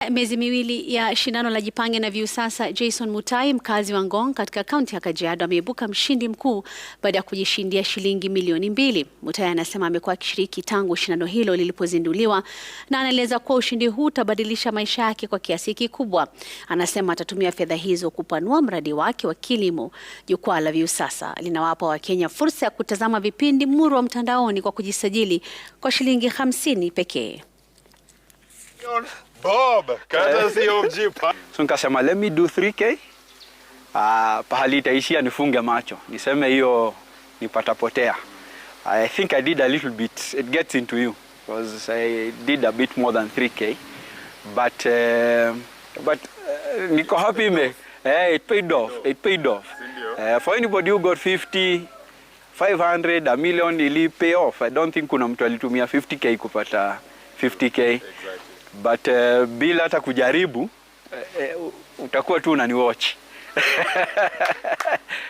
Eh, miezi miwili ya shindano la Jipange na Viusasa, Jason Mutai mkazi wa Ngong katika kaunti ya Kajiado ameibuka mshindi mkuu baada ya kujishindia shilingi milioni mbili. Mutai anasema amekuwa akishiriki tangu shindano hilo lilipozinduliwa na anaeleza kuwa ushindi huu utabadilisha maisha yake kwa kiasi kikubwa. Anasema atatumia fedha hizo kupanua mradi wake wa kilimo. Jukwaa la Viusasa linawapa Wakenya fursa ya kutazama vipindi murwa mtandaoni kwa kujisajili kwa shilingi hamsini pekee. You're Bob, courtesy eh, of Japan. So nikasema let me do 3k. Uh, ah, pahali itaishia nifunge macho niseme hiyo nipatapotea. I think I did a little bit. It gets into you because I did a bit more than 3k. But uh, but uh, niko happy me. Eh, it paid off. It paid off. Uh, for anybody who got 50 500 a million ili pay off. I don't think kuna mtu alitumia 50k kupata 50k. Exactly but uh, bila hata kujaribu uh, uh, utakuwa tu unaniwatch